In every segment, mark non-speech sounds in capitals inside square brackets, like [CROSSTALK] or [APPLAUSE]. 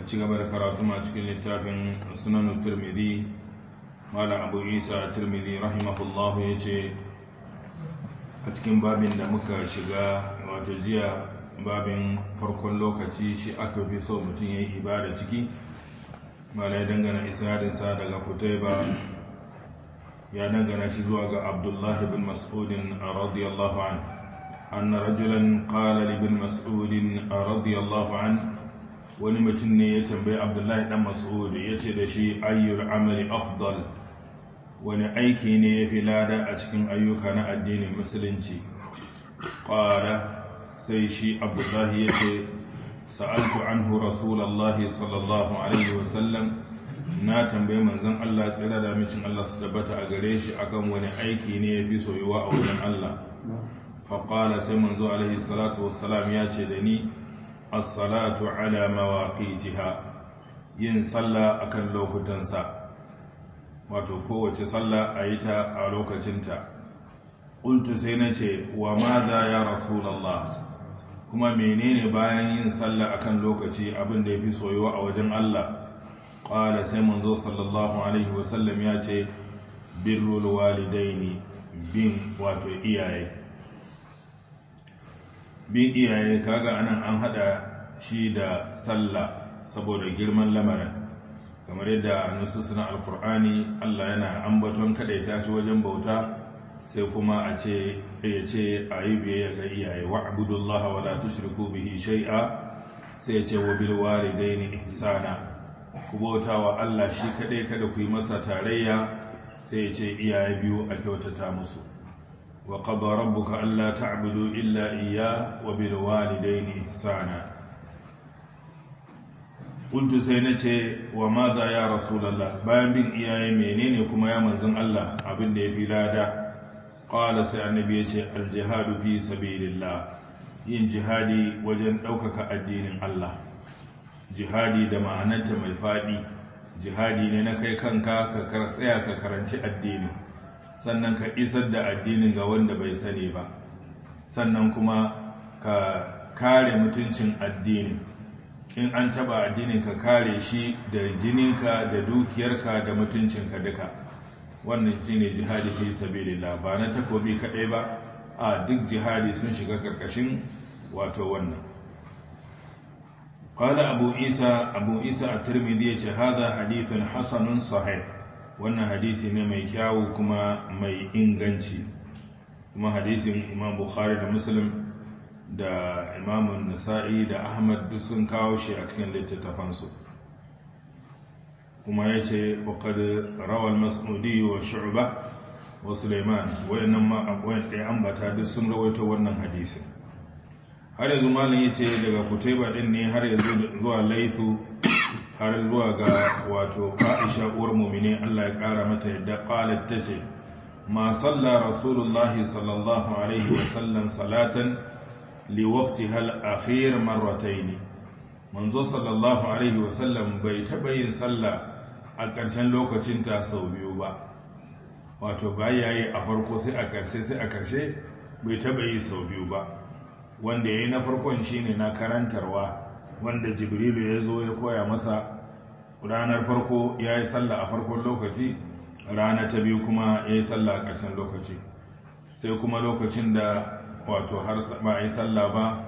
a ci gaba da karatu ma cikin littafin sunan turmidi malam abu isa turmidi rahimahullahu ya ce a cikin babin da muka shiga wato jiya babin farkon lokaci shi aka fi so mutum ya yi ibada ciki ya dangana isnadinsa daga kutaiba ya dangana shi zuwa ga abdullahi bin mas'udin radiyallahu an anna rajulan qala bin mas'udin radiyallahu an wani mutum ne ya tambayi abdullahi dan mas'ud ya ce da shi ayyul amali afdal wani aiki ne ya fi lada a cikin ayyuka na addinin musulunci ƙwara sai shi abdullahi ya ce sa'altu anhu rasulallah sallallahu alaihi wasallam na tambayi manzon Allah tsira da micin Allah su tabbata a gare shi akan wani aiki ne ya fi soyuwa a wajen Allah faƙala sai manzo alaihi salatu wassalam ya ce da ni as-salatu ala mawaqitiha yin sallah akan lokutansa wato kowace sallah a yi a lokacinta ƙuntu sai na ce wa ma za ya rasulallah kuma menene bayan yin sallah akan lokaci abin da ya fi soyuwa a wajen Allah ƙwada sai manzo sallallahu alaihi wasallam ya ce birrul walidaini bin wato iyaye bin iyaye kaga anan an hada shi da sallah saboda girman lamarin kamar yadda nususun alkur'ani Allah yana ambaton kadaita shi wajen bauta sai kuma a ce ya ce a yi biyayya ga iyaye wa abudullah wa la tushriku bihi shai'a? sai ya ce wa bil walidaini ihsana ku bauta wa Allah shi kadai kada ku yi masa tarayya sai ya ce iyaye biyu a kyautata musu وقضى ربك ألا تعبدوا إلا إياه وبالوالدين إحسانا قلت سينتي وماذا يا رسول الله بان بن إياه منين يكما يا منزل الله أبن دي في لادا قال سي النبي الجهاد في سبيل الله yin jihadi wajen ɗaukaka addinin Allah jihadi da ma'ananta mai faɗi jihadi ne na kai kanka ka tsaya ka karanci addinin sannan ka isar da addinin ga wanda bai sani ba sannan kuma ka kare mutuncin addinin in an taba addinin ka kare shi da jininka da dukiyarka da mutuncinka duka wannan shi ne jihadi fi sabilillah ba na takobi kaɗai ba a duk jihadi sun shiga ƙarƙashin wato wannan قال أبو عيسى أبو عيسى الترمذي هذا حديث حسن صحيح wannan hadisi ne mai kyawu kuma mai inganci kuma hadisin imam bukhari da muslim da imamun nasa'i da ahmad duk sun kawo shi a cikin littattafansu kuma ya ce faƙad rawar mas'udi wa shu'ba wa suleiman wayannan ma'akwai ɗaya ambata duk sun rawaito wannan hadisin har yanzu malin ya ce daga ba ɗin ne har yanzu zuwa laifu. har zuwa ga wato aisha uwar mumini Allah ya kara mata yadda qalat tace ma salla rasulullah sallallahu alaihi wasallam salatan li waqtiha al-akhir marratayn manzo sallallahu alaihi wasallam bai taba yin sallah a ƙarshen lokacin ta sau biyu ba wato yayi a farko sai a ƙarshe sai a ƙarshe bai taba yi sau biyu ba wanda yayi na farkon shine na karantarwa wanda jibrilu ya zo ya koya masa ranar farko ya yi sallah a farkon lokaci rana ta biyu kuma ya yi sallah a ƙarshen lokaci sai kuma lokacin da wato har ba a yi sallah ba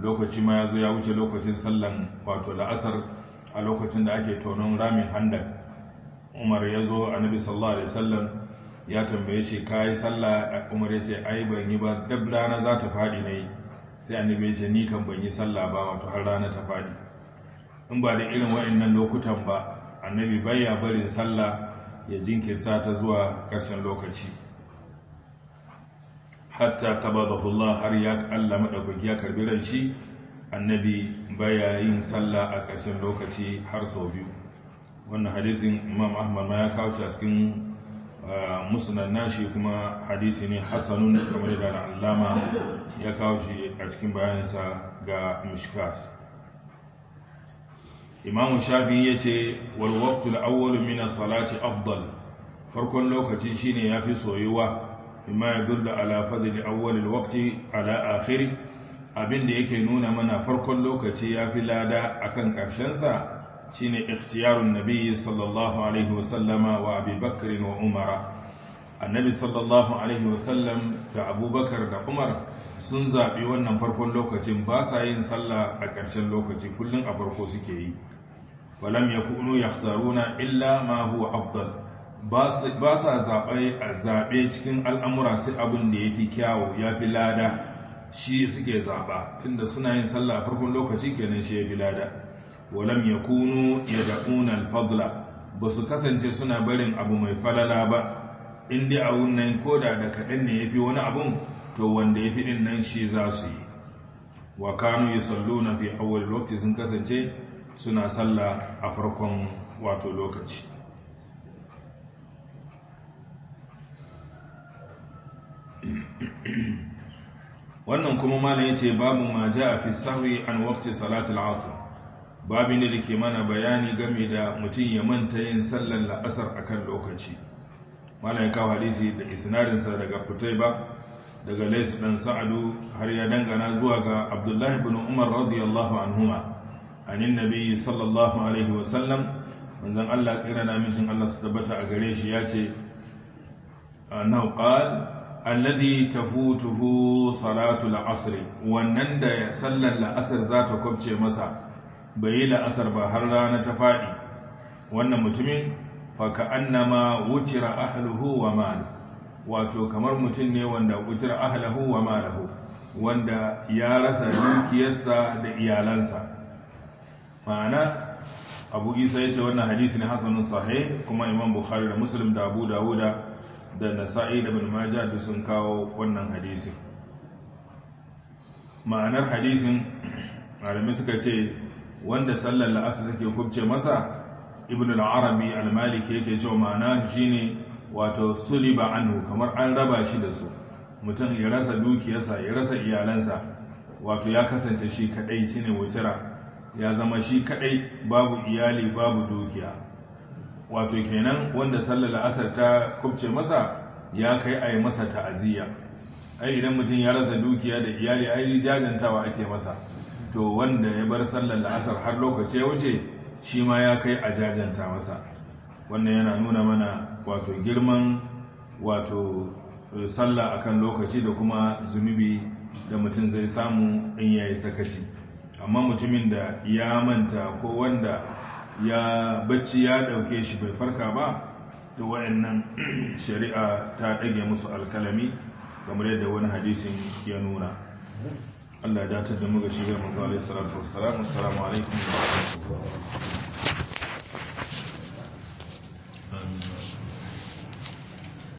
lokaci ma ya zo ya wuce lokacin sallan wato la'asar a lokacin da ake tonon ramin handan. umar ya zo a annabi sallallahu alaihi sallan, ya tambaye shi ka yi sallah umar ya ce ai ban yi ba dab rana za ta faɗi na yi sai annabi ya ce ni kan ban yi sallah ba wato har rana ta fadi in ba da irin waɗannan lokutan ba annabi baya barin sallah ya jinkirta ta zuwa ƙarshen lokaci hatta tabadahullah har ya Allah madaukaki ya karbi ran shi annabi baya yin sallah a ƙarshen lokaci har sau biyu wannan hadisin imam ahmad ma ya kawo a cikin Eh, musnad nashi kuma hadisi ne hasanun kamar da alama ya kawo shi a cikin bayaninsa ga mishkas imamu shafi ya ce walwaktul awwalu mina salati afdal farkon lokaci shine ya fi soyuwa imma ya dulla ala fadli awwalil waqti ala akhiri abinda yake nuna mana farkon lokaci ya fi lada akan ƙarshensa shine ikhtiyarun nabiyyi sallallahu alaihi wasallama wa abubakar wa umara annabi sallallahu alaihi wasallam da abubakar da umar sun zaɓi wannan farkon lokacin ba sa yin sallah a ƙarshen lokaci kullum a farko suke yi falam ya kunu illa ma huwa afdal ba sa zaɓe a zaɓe cikin al'amura sai abin da ya fi yafi ya fi lada shi suke zaɓa tunda suna yin sallah a farkon lokaci kenan shi ya fi lada walam ya kunu ya da'unan basu kasance suna barin abu mai falala ba indai a wannan koda da kaɗan ne yafi wani abun to wanda ya fi nan shi za su yi wa kanu yusalluna fi sun kasance suna salla a farkon wato lokaci wannan kuma malam ya ce babu ma ja a fi sahwi an wakti salatul asr babin da ke mana bayani game da mutum ya manta yin sallar la'asar a kan lokaci mana ya kawo hadisi da isinarinsa daga fitai ba daga laisu ɗan sa'adu har ya dangana zuwa ga abdullahi bin umar radiyallahu anhuma anin nabi sallallahu alaihi wasallam Wanzan allah tsira na mishin allah su tabbata a gare shi ya ce nauƙal alladhi tafutuhu salatu al-asr wannan da sallar la'asar za ta kwabce masa bai yi la'asar ba har rana ta faɗi wannan mutumin faka annama wucira ahaluhu wa malu wato kamar mutum ne wanda wucira ahaluhu wa malahu wanda ya rasa dukiyarsa da iyalansa ma'ana abu isa ya ce wannan hadisi ne hasanun kuma imam bukhari da muslim da abu dawuda da nasa'i da bin maja da sun kawo wannan hadisi ma'anar hadisin alamai suka ce wanda sallar la'asar take kubce masa ibn al-arabi al-maliki yake cewa ma'ana shine wato suliba anhu kamar an raba shi da su mutum ya rasa dukiyarsa ya rasa iyalansa wato ya kasance shi kadai shine wutura ya zama shi kadai babu iyali babu dukiya wato kenan wanda sallar la'asar ta kubce masa ya kai a yi masa ta'aziyya ai idan mutum ya rasa dukiya da iyali ai jajantawa ake masa to wanda ya bar sallar la'asar har lokaci ya wuce shi ma ya kai a jajanta masa wannan yana nuna mana wato girman wato eh, sallah akan lokaci da kuma zunubi da mutum zai samu in ya yi sakaci amma mutumin da ya manta ko wanda ya bacci ya dauke shi bai farka ba to wayannan [CLEARS THROAT] shari'a ta dage musu alkalami kamar yadda wani hadisin ya nuna Allah ya datar da mu ga shirya manzo alaihi salatu wassalam assalamu alaikum wa rahmatullahi